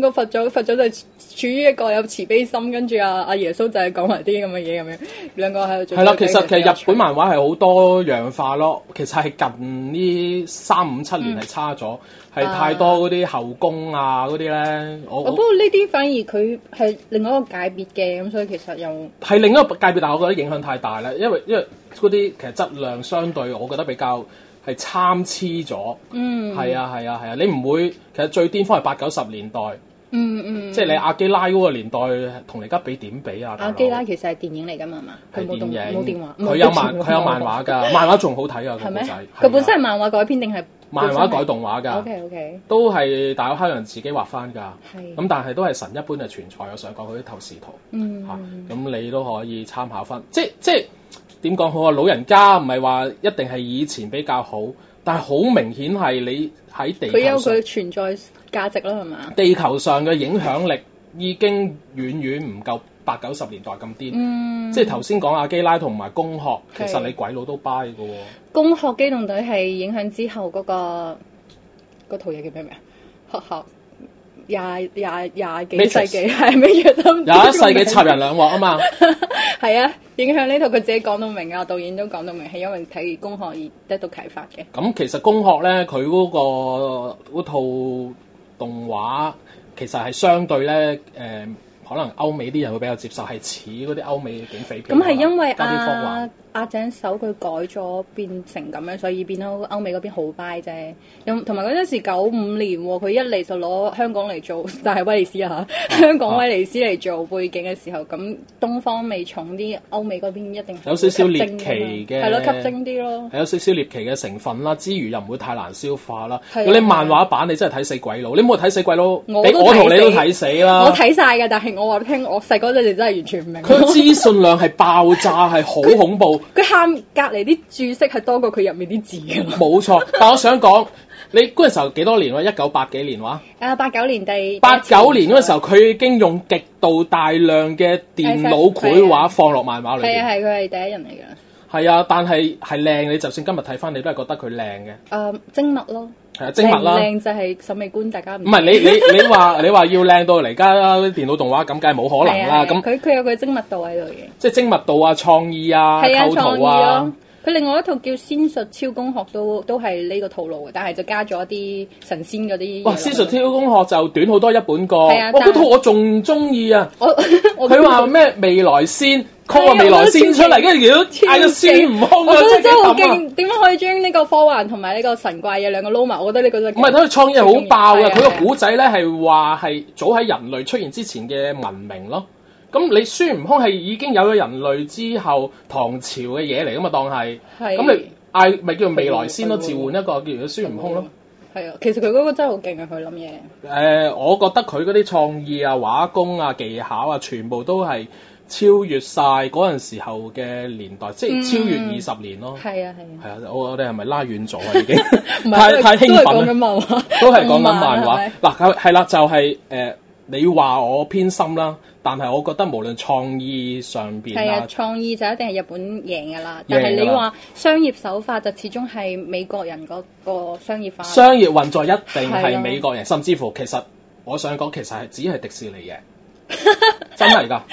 個佛祖，佛祖就處於一個有慈悲心，跟住阿阿耶穌就係講埋啲咁嘅嘢，咁樣兩個喺度。係啦，其實其實日本漫畫係好多樣化咯，其實係近呢三五七年係差咗，係、嗯、太多嗰啲後宮啊嗰啲咧。我不過呢啲反而佢係另外一個界別嘅，咁所以其實又係另一個界別，但係我覺得影響太大啦，因為因為嗰啲其實質量相對，我覺得比較係參差咗。嗯、啊，係啊係啊係啊，你唔會其實最巔峰係八九十年代。嗯嗯，即係你阿基拉嗰個年代同你而家比點比啊？阿基拉其實係電影嚟噶嘛？係電影，冇電話，佢有漫，佢有漫畫噶，漫畫仲好睇啊！佢本身係漫畫改編定係漫畫改動畫噶？OK OK，都係大友克洋自己畫翻噶。咁但係都係神一般嘅存在。我想講嗰啲透視圖，吓咁你都可以參考翻。即即係點講好啊？老人家唔係話一定係以前比較好，但係好明顯係你喺地球上佢有佢存在，價值咯係嘛？地球上嘅影響力已經遠遠唔夠八九十年代咁癲，嗯、即係頭先講阿基拉同埋工學，是其實你鬼佬都 buy 嘅。工學機動隊係影響之後嗰、嗰個套嘢、嗰個、叫咩名？學校廿廿廿幾世紀係咩嘢都？有雄一世紀插人兩鑊啊嘛，係 啊！影響呢套佢自己講到明啊，導演都講到明，係因為睇工學而得到啟發嘅。咁其實工學咧，佢嗰、嗰個套。動畫其實係相對咧，誒、呃，可能歐美啲人會比較接受，係似嗰啲歐美嘅警匪片咁，係因為啲科幻。阿、啊、井守佢改咗變成咁樣，所以變到歐美嗰邊好 buy 啫。又同埋嗰陣時九五年，佢一嚟就攞香港嚟做，但係威尼斯吓，香港威尼斯嚟做背景嘅時候，咁東方味重啲，歐美嗰邊一定有少少獵奇嘅，係咯，吸睛啲咯，係有少少獵奇嘅成分啦，之餘又唔會太難消化啦。嗰啲的漫畫版你真係睇死鬼佬，你唔好睇死鬼佬，我同你都睇死啦，我睇晒嘅，但係我話聽我細嗰陣時真係完全唔明。佢資訊量係爆炸，係好恐怖。 佢喊隔籬啲注釋係多過佢入面啲字嘅，冇錯。但我想講，你嗰陣時候幾多年咯？一九八幾年話，誒八九年第八九年嗰個時候，佢錯已經用極度大量嘅電腦繪畫放落漫畫裏。係啊係，佢係第一人嚟㗎。係啊，但係係靚。你就算今日睇返，你都係覺得佢靚嘅。誒、啊，精密咯。誒，精密啦！靚就係審美觀，大家唔唔係你你你話你話要靚到嚟家啲電腦動畫咁，梗係冇可能啦！咁佢佢有佢精密度喺度嘅，即係精密度啊、創意啊、構圖啊。佢另外一套叫《仙術超工學》，都都係呢個套路嘅，但係就加咗啲神仙嗰啲。哇，《仙術超工學》就短好多一本過，我嗰套我仲中意啊！我佢話咩未來先。call 個未來先出嚟，跟住叫嗌到孫悟空咯，真係好勁！點樣可以將呢個科幻同埋呢個神怪嘅兩個撈埋？我覺得呢個真係唔係睇佢創意好爆嘅，佢個古仔咧係話係早喺人類出現之前嘅文明咯。咁你孫悟空係已經有咗人類之後唐朝嘅嘢嚟，咁咪當係咁你嗌，咪叫做未來先咯，召喚一個叫孫悟空咯。係啊，其實佢嗰個真係好勁啊！佢諗嘢，誒，我覺得佢嗰啲創意啊、畫工啊、技巧啊，全部都係。超越晒嗰陣時候嘅年代，即係超越二十年咯。係啊係啊。係啊，啊，我我哋係咪拉遠咗啊？已經， 是太太興奮咁都係漫畫，都係講緊漫畫。嗱，係啦、啊啊，就係、是、誒、呃，你話我偏心啦，但係我覺得無論創意上邊，係啊，創意就一定係日本贏噶啦。贏啦。但係你話商業手法就始終係美國人嗰個商業化，商業運作一定係美國人，啊、甚至乎其實我想講，其實係只係迪士尼嘅， 真係的噶。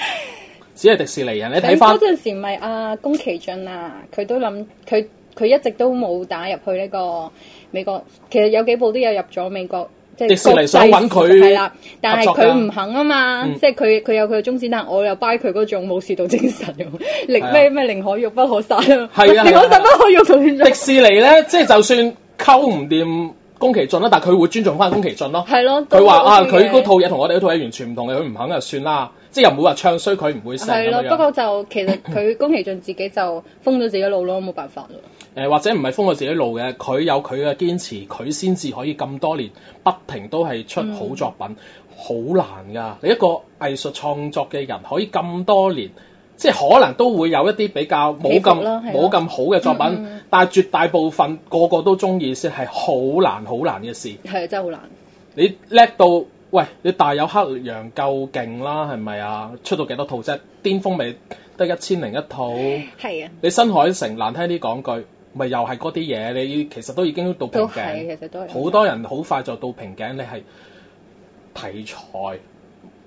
只係迪士尼人，你睇翻嗰陣時咪阿、啊、宮崎駿啊，佢都諗佢佢一直都冇打入去呢個美國，其實有幾部都有入咗美國，即係迪士尼、那個、想揾佢係啦，但係佢唔肯啊嘛，即係佢佢有佢嘅宗旨，但係我又 buy 佢嗰種武士道精神，寧咩咩寧可玉不可殺啊！啊寧可殺不可玉迪士尼咧，即係就算溝唔掂。 宮崎駿啦，但係佢會尊重翻宮崎駿咯。係咯，佢話啊，佢套嘢同我哋套嘢完全唔同嘅，佢唔肯就算啦。即係又唔會話唱衰佢，唔會成咁樣。不過就其實佢宮崎駿自己就封咗自己路咯，冇 辦法咯。誒、呃，或者唔係封咗自己嘅路嘅，佢有佢嘅堅持，佢先至可以咁多年不停都係出好作品，好、嗯、難噶。你一個藝術創作嘅人可以咁多年。即係可能都會有一啲比較冇咁冇咁好嘅作品，嗯嗯，但係絕大部分個個都中意先係好難好難嘅事。係啊，真係好難。你叻到喂，你大有黑羊夠勁啦，係咪啊？出到幾多套啫？巔峰」咪得一千零一套。係啊的。你新海誠難聽啲講句，咪又係嗰啲嘢。你其實都已經到瓶頸。都係，其實都好多人好快就到瓶頸。你係題材。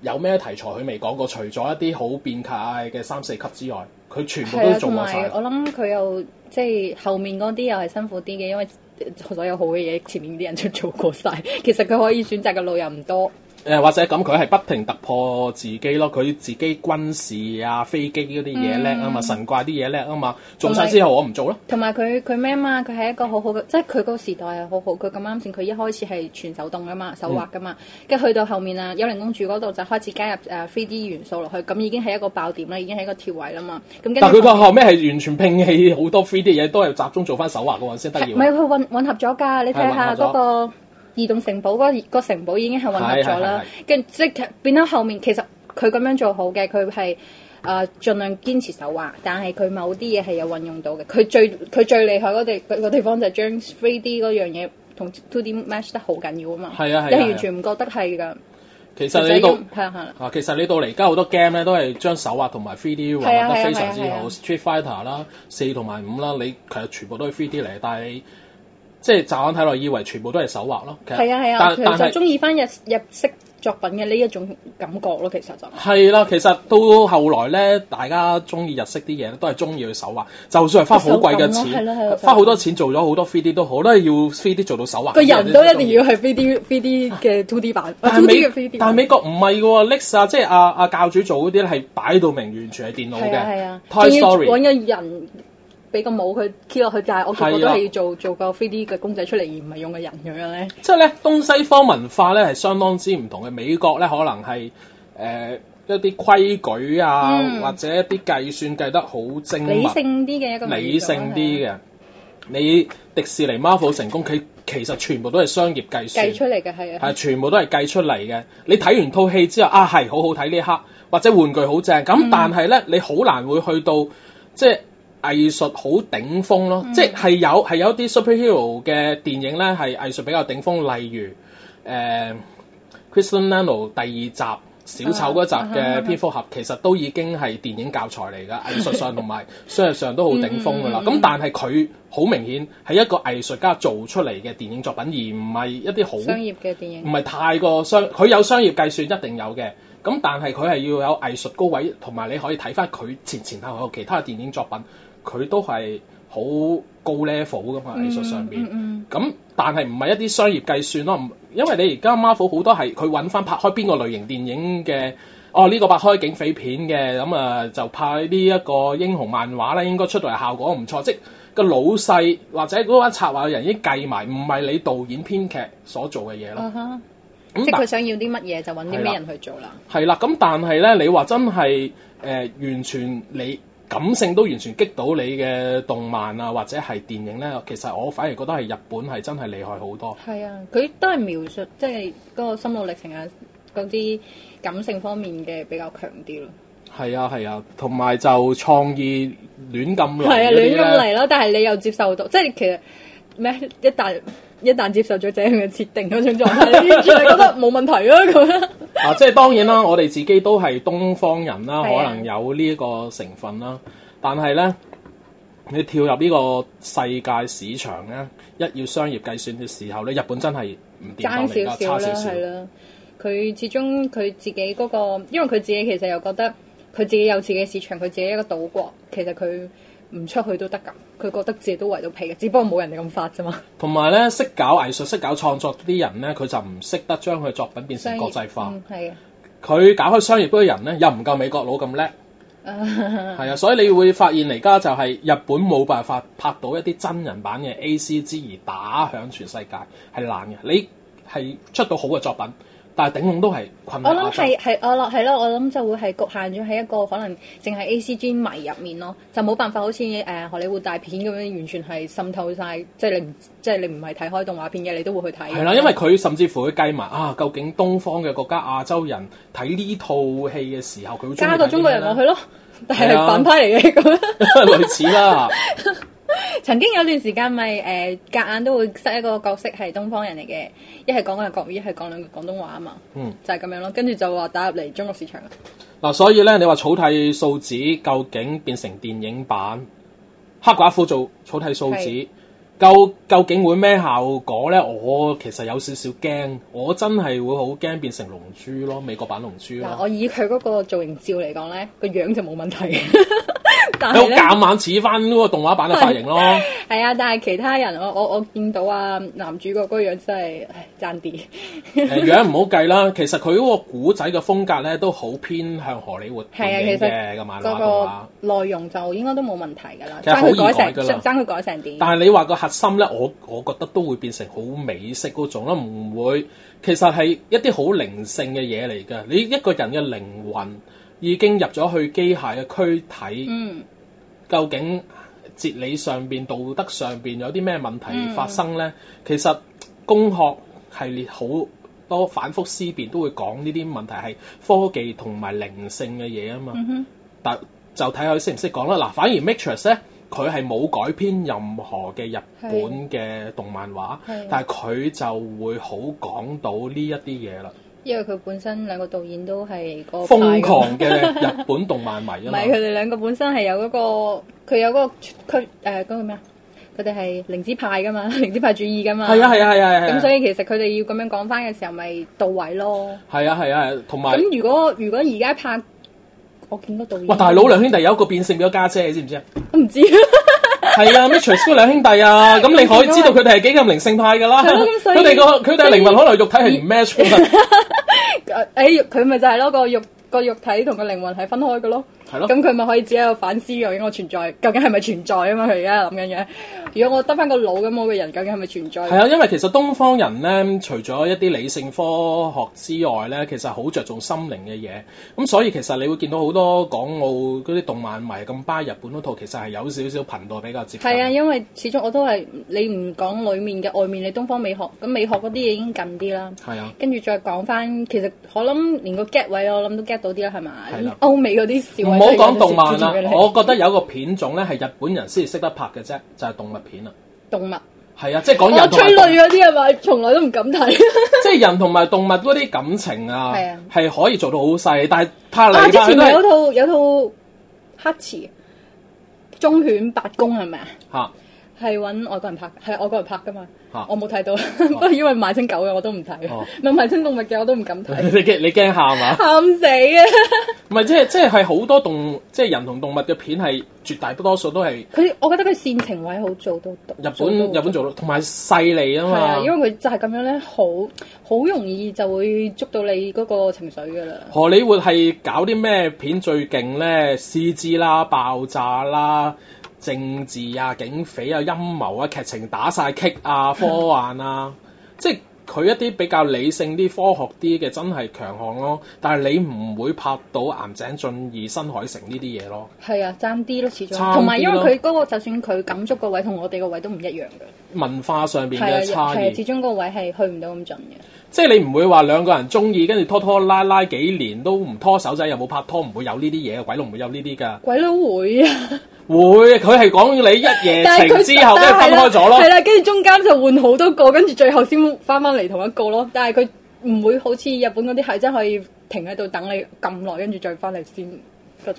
有咩題材佢未講過？除咗一啲好變態嘅三四級之外，佢全部都做過曬，啊。我諗佢又即係後面嗰啲又係辛苦啲嘅，因為所有好嘅嘢前面啲人都做過晒。其實佢可以選擇嘅路又唔多。誒，或者咁佢係不停突破自己咯，佢自己軍事啊、飛機嗰啲嘢叻啊嘛，嗯、神怪啲嘢叻啊嘛，做晒之後我唔做咯。同埋佢佢咩啊嘛，佢係一個好好嘅，即係佢個時代係好好。佢咁啱先，佢一開始係全手動噶嘛，手畫噶嘛。跟住、嗯、去到後面啊，幽靈公主嗰度就開始加入誒 3D 元素落去，咁已經係一個爆點啦，已經係一個跳位啦嘛。咁但佢個後尾係完全摒棄好多 3D 嘢，都係集中做翻手畫嘅，先得意。唔係佢混混合咗噶，你睇下、嗰個。移動城堡嗰個城堡已經係混合咗啦，跟即係變翻後面。其實佢咁樣做好嘅，佢係誒盡量堅持手畫，但係佢某啲嘢係有運用到嘅。佢最佢最厲害嗰地地方就係將 3D 嗰樣嘢同 2D match 得好緊要啊嘛，啊，因為完全唔覺得係噶。其實你到啊，其實你到嚟而家好多 game 咧，都係將手畫同埋 3D 畫得非常之好。Street Fighter 啦，四同埋五啦，你其實全部都係 3D 嚟，但係。即係乍眼睇落，以為全部都係手畫咯。係啊係啊，啊但其實中意翻日日式作品嘅呢一種感覺咯，其實就係啦、啊。其實到後來咧，大家中意日式啲嘢都係中意佢手畫。就算係花好貴嘅錢，啊啊啊、花好多錢做咗好多 three D 都好，都係要 three D 做到手畫。個人都一定要係 three D three D 嘅 two D 版。但係美、啊、但係美國唔係嘅，Alex 啊，即係阿阿教主做嗰啲咧，係擺到明，完全係電腦嘅。係啊係啊，Toy Story 揾個人。俾個帽佢黐落去，但係我個個都係要做的做個 3D 嘅公仔出嚟，而唔係用嘅人咁樣咧。即係咧，東西方文化咧係相當之唔同嘅。美國咧可能係誒、呃、一啲規矩啊，嗯、或者一啲計算計算得好精密理性啲嘅，理性啲嘅，的你迪士尼 Marvel 成功，佢其實全部都係商業計算計出嚟嘅，係啊，係全部都係計出嚟嘅。你睇完套戲之後，啊係好好睇呢一刻，或者玩具好正咁，但係咧、嗯、你好難會去到即係。即藝術好頂峰咯，即係有係有啲 superhero 嘅電影呢，係藝術比較頂峰。例如誒《呃、Christopher Nolan》第二集、啊、小丑嗰集嘅蝙蝠俠，其實都已經係電影教材嚟噶，藝術上同埋商業上都好頂峰噶啦。咁、嗯嗯嗯、但係佢好明顯係一個藝術家做出嚟嘅電影作品，而唔係一啲好商業嘅電影，唔係太過商。佢有商業計算一定有嘅，咁但係佢係要有藝術高位，同埋你可以睇翻佢前前後後其他嘅電影作品。佢都係好高 level 噶嘛，藝術上邊咁、嗯嗯，但係唔係一啲商業計算咯。因為你而家 Marvel 好多係佢揾翻拍開邊個類型電影嘅，哦呢、呢個拍開警匪片嘅，咁、嗯、啊就拍呢一個英雄漫畫咧，應該出到嚟效果唔錯。即係個老細或者嗰班策劃人已經計埋，唔係你導演編劇所做嘅嘢咯。咁、啊、哈但即係佢想要啲乜嘢就揾啲咩人去做啦。係啦、嗯，咁但係咧，你話真係誒、呃、完全你。感性都完全激到你嘅動漫啊，或者係電影呢。其實我反而覺得係日本係真係厲害好多。係啊，佢都係描述即係嗰個心路歷程啊，嗰啲感性方面嘅比較強啲咯。係啊，係啊，同埋就創意亂咁嚟，係啊亂咁嚟咯，呢但係你又接受到，即係其實咩一大。一旦接受咗這樣嘅設定嗰種狀態，咁樣就完全係覺得冇問題囉！咁啊，即係當然啦， 我哋自己都係東方人啦，是啊、可能有呢個成分啦。但係咧，你跳入呢個世界市場咧，一要商業計算嘅時候咧，日本真係爭少少啦，係啦。佢、啊、始終佢自己嗰、嗰個，因為佢自己其實又覺得佢自己有自己嘅市場，佢自己一個島國，其實佢。唔出去都得噶，佢覺得自己都圍到皮嘅，只不過冇人哋咁發啫嘛。同埋咧，識搞藝術、識搞創作啲人咧，佢就唔識得將佢作品變成國際化。係啊，佢、嗯、搞開商業嗰啲人咧，又唔夠美國佬咁叻。係啊， 所以你會發現嚟家就係日本冇辦法拍到一啲真人版嘅 ACG 而打響全世界係難嘅。你係出到好嘅作品。但係頂龍都係困喺，我諗係係我咯，係咯，我諗就會係局限咗喺一個可能淨係 ACG 迷入面咯，就冇辦法好似誒荷里活大片咁樣，完全係滲透晒。即係你唔即係你唔係睇開動畫片嘅，你都會去睇。係啦、啊，因為佢甚至乎會計埋啊，究竟東方嘅國家亞洲人睇呢套戲嘅時候，佢會加個中國人落去咯，但係係反派嚟嘅咁樣，啊、 類似啦。曾經有段時間咪夾硬都會塞一個角色係東方人嚟嘅，一係講個係國語，一係講兩句廣東話啊嘛，嗯、就係咁樣咯。跟住就話打入嚟中國市場啊。嗱、嗯，所以咧，你話草薙素子究竟變成電影版黑寡婦做草薙素子。究究竟會咩效果咧？我其實有少少驚，我真係會好驚變成龍珠咯，美國版龍珠。嗱、啊，我以佢嗰個造型照嚟講咧，個樣就冇問題。佢 夾呢硬似翻嗰個動畫版嘅髮型咯。係啊，但係其他人，我我我見到啊，男主角嗰個樣真係誒，差啲、 呃、樣唔好計啦。其實佢嗰個古仔嘅風格咧，都好偏向荷里活嘅。係啊，其實個漫畫嘅內容就應該都冇問題㗎啦。將佢改成將佢改成點？但係你話個心咧，我我覺得都會變成好美式嗰種，唔會。其實係一啲好靈性嘅嘢嚟㗎。你一個人嘅靈魂已經入咗去機械嘅軀體，嗯、究竟哲理上邊、道德上邊有啲咩問題發生咧？嗯、其實工學系列好多反覆思辨都會講呢啲問題係科技同埋靈性嘅嘢啊嘛。嗯、哼但就睇下佢識唔識講啦。嗱，反而 Matrix 咧。佢係冇改編任何嘅日本嘅動漫畫，的但係佢就會好講到呢一啲嘢啦。因為佢本身兩個導演都係個瘋狂嘅日本動漫迷啊嘛。 咪佢哋兩個本身係有嗰個，佢有嗰個，佢誒嗰個咩？佢哋係靈子派噶嘛，靈子派主義噶嘛。係啊，係啊，係啊，係，咁所以其實佢哋要咁樣講翻嘅時候，咪到位咯。係啊，係啊，係，同埋咁如果如果而家拍。我見得到。哇！大佬兩兄弟有一個變性咗家姐，你知唔知啊？我唔知。係 啊的，咩 Matrix 兩兄弟啊，咁 你可以知道佢哋係幾咁靈性派嘅啦。佢哋個佢哋靈魂以可能肉體係唔 match 嘅。佢咪、 欸、就係咯，個肉個肉體同個靈魂係分開嘅咯。係咁佢咪可以只喺度反思我，我存在究竟係咪存在啊？嘛，佢而家諗緊嘅。如果我得翻個腦咁，我嘅人究竟係咪存在？係啊，因為其實東方人咧，除咗一啲理性科學之外咧，其實好着重心靈嘅嘢。咁、嗯、所以其實你會見到好多港澳嗰啲動漫迷咁巴日本嗰套，其實係有少少頻道比較接近。係啊，因為始終我都係你唔講裏面嘅，外面你東方美學咁美學嗰啲嘢已經近啲啦。係啊。跟住再講翻，其實我諗連個 get 位我諗都 get 到啲啦，係咪係啦。歐、啊、美嗰啲唔好講動漫啦，我覺得有一個片種咧係日本人先識得拍嘅啫，就係、是、動物片啊。動物係啊，即係講有我催淚嗰啲係咪？從來都唔敢睇。 即係人同埋動物嗰啲感情啊，係、啊、可以做到好細，但係拍嚟之前咪有套有套黑池忠犬八公係咪啊？係揾外國人拍嘅，係外國人拍噶嘛？啊、我冇睇到，不過、啊、因為賣清狗嘅，我都唔睇。唔係賣清動物嘅，我都唔敢睇、啊。你驚你驚喊嘛？喊 死啊！ 唔係即係即係係好多動即係人同動物嘅片係，絕大多數都係佢。我覺得佢煽情位好做都日本日本做咯，同埋細膩啊嘛。啊！因為佢就係咁樣咧，好好容易就會捉到你嗰個情緒噶啦。荷里活係搞啲咩片最勁咧？獅子啦，爆炸啦。政治啊、警匪啊、陰謀啊、劇情打晒棘啊、科幻啊， 即係佢一啲比較理性啲、科學啲嘅真係強項咯。但係你唔會拍到《岩井俊二》《新海誠》呢啲嘢咯。係啊，爭啲咯，始終同埋因為佢嗰、嗰個，就算佢感觸個位同我哋個位都唔一樣嘅文化上邊嘅差異。啊、始終個位係去唔到咁盡嘅。即係你唔會話兩個人中意，跟住拖拖拉拉幾年都唔拖手仔，又冇拍拖，唔會有呢啲嘢。鬼佬唔會有呢啲噶。鬼佬會啊， 會，佢係講，你一夜情之後跟住分開咗咯。係啦，跟住中間就換好多個，跟住最後先翻翻嚟同一個咯。但係佢唔會好似日本嗰啲係真係可以停喺度等你咁耐，跟住再翻嚟先嗰種。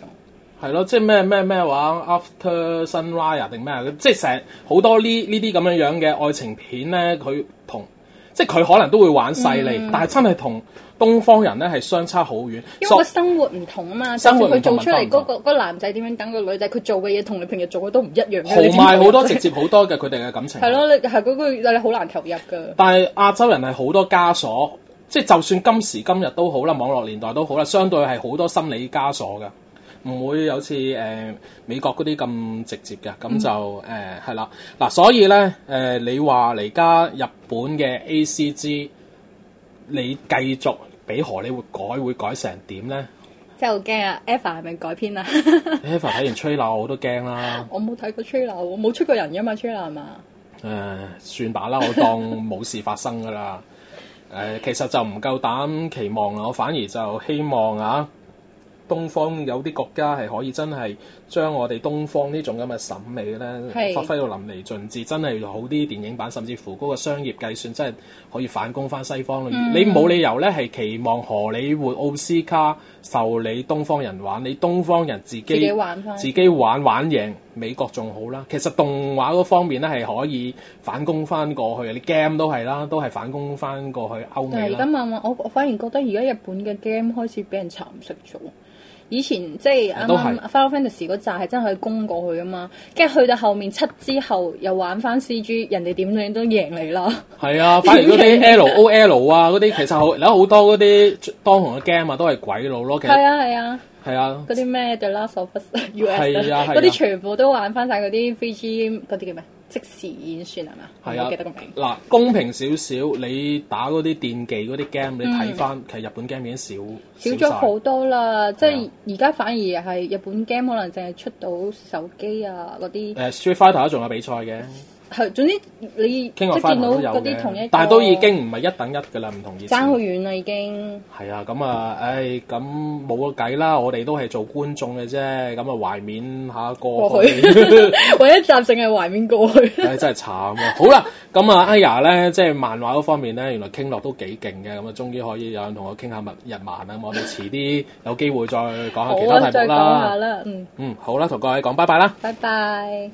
係咯，即係咩咩咩話 After Sunrise 定咩？即係成好多呢呢啲咁樣樣嘅愛情片咧，佢同。即係佢可能都會玩勢利，嗯、但係真係同東方人咧係相差好遠。因為個生活唔同啊嘛，嗰個、生活佢做出嚟嗰個男仔點樣等個女仔，佢做嘅嘢同你平日做嘅都唔一樣，同埋好多直接好多嘅，佢哋嘅感情係咯，係嗰、嗰個你好難投入㗎。但係亞洲人係好多枷鎖，即係就算今時今日都好啦，網絡年代都好啦，相對係好多心理枷鎖㗎。唔會有似誒美國嗰啲咁直接嘅，咁就誒係啦。嗱、呃嗯嗯，所以咧誒、呃，你話嚟家日本嘅 ACG，你繼續俾何？你會改？會改成點咧？真係好驚啊！Eva 係咪改編啊？Eva 睇完 trailer 我都驚啦。我冇睇過 trailer，我冇出過人噶嘛？trailer 係嘛？誒、呃，算吧啦，我當冇事發生噶啦。誒、 呃，其實就唔夠膽期望啦，我反而就希望啊～東方有啲國家係可以真係，將我哋東方種呢種咁嘅審美咧，發揮是到淋漓盡致，真係好啲電影版，甚至乎嗰個商業計算真係可以反攻翻西方，嗯，你冇理由咧係期望荷里活奧斯卡受你東方人玩，你東方人自己自己玩翻，自己玩玩贏美國仲好啦。其實動畫嗰方面咧係可以反攻翻過去，你 game 都係啦，都係反攻翻過去歐美啦。咁啊，我我反而覺得而家日本嘅 game 開始俾人蠶食咗。以前即係啱啱《Final Fantasy》嗰陣係真係去攻過去啊嘛，跟住去到後面七之後又玩翻 C G，人哋點樣都贏你啦。係啊，反而嗰啲 L O L 啊嗰啲，其實好有好多嗰啲當紅嘅 game 啊，都係鬼佬咯。其實係啊係啊係啊！嗰啲咩《啊、The Last of Us, US、啊》u 嗰啲全部都玩翻曬嗰啲 C G 嗰啲叫咩？即時演算係咪啊？係啊，記得個名嗱，公平少少。你打嗰啲電技嗰啲 game，你睇翻、嗯、其實日本 game 已經少少咗好多啦。多即係而家反而係日本 game 可能淨係出到手機啊嗰啲。誒、uh, Street Fighter 仲有比賽嘅。係，總之你即見到嗰啲同一，但係都已經唔係一等一噶啦，唔同以前爭好遠啦，已經係啊，咁啊，唉，咁冇乜計啦，我哋都係做觀眾嘅啫，咁啊懷緬下過去，唯一集淨係懷緬過去，唉，真係慘啊！好啦，咁啊，AYA 咧，即係漫畫嗰方面咧，原來傾落都幾勁嘅，咁啊，終於可以有人同我傾下日漫啦，咁我哋遲啲有機會再講下其他題目啦。嗯，嗯，好啦，同各位講拜拜啦，拜拜。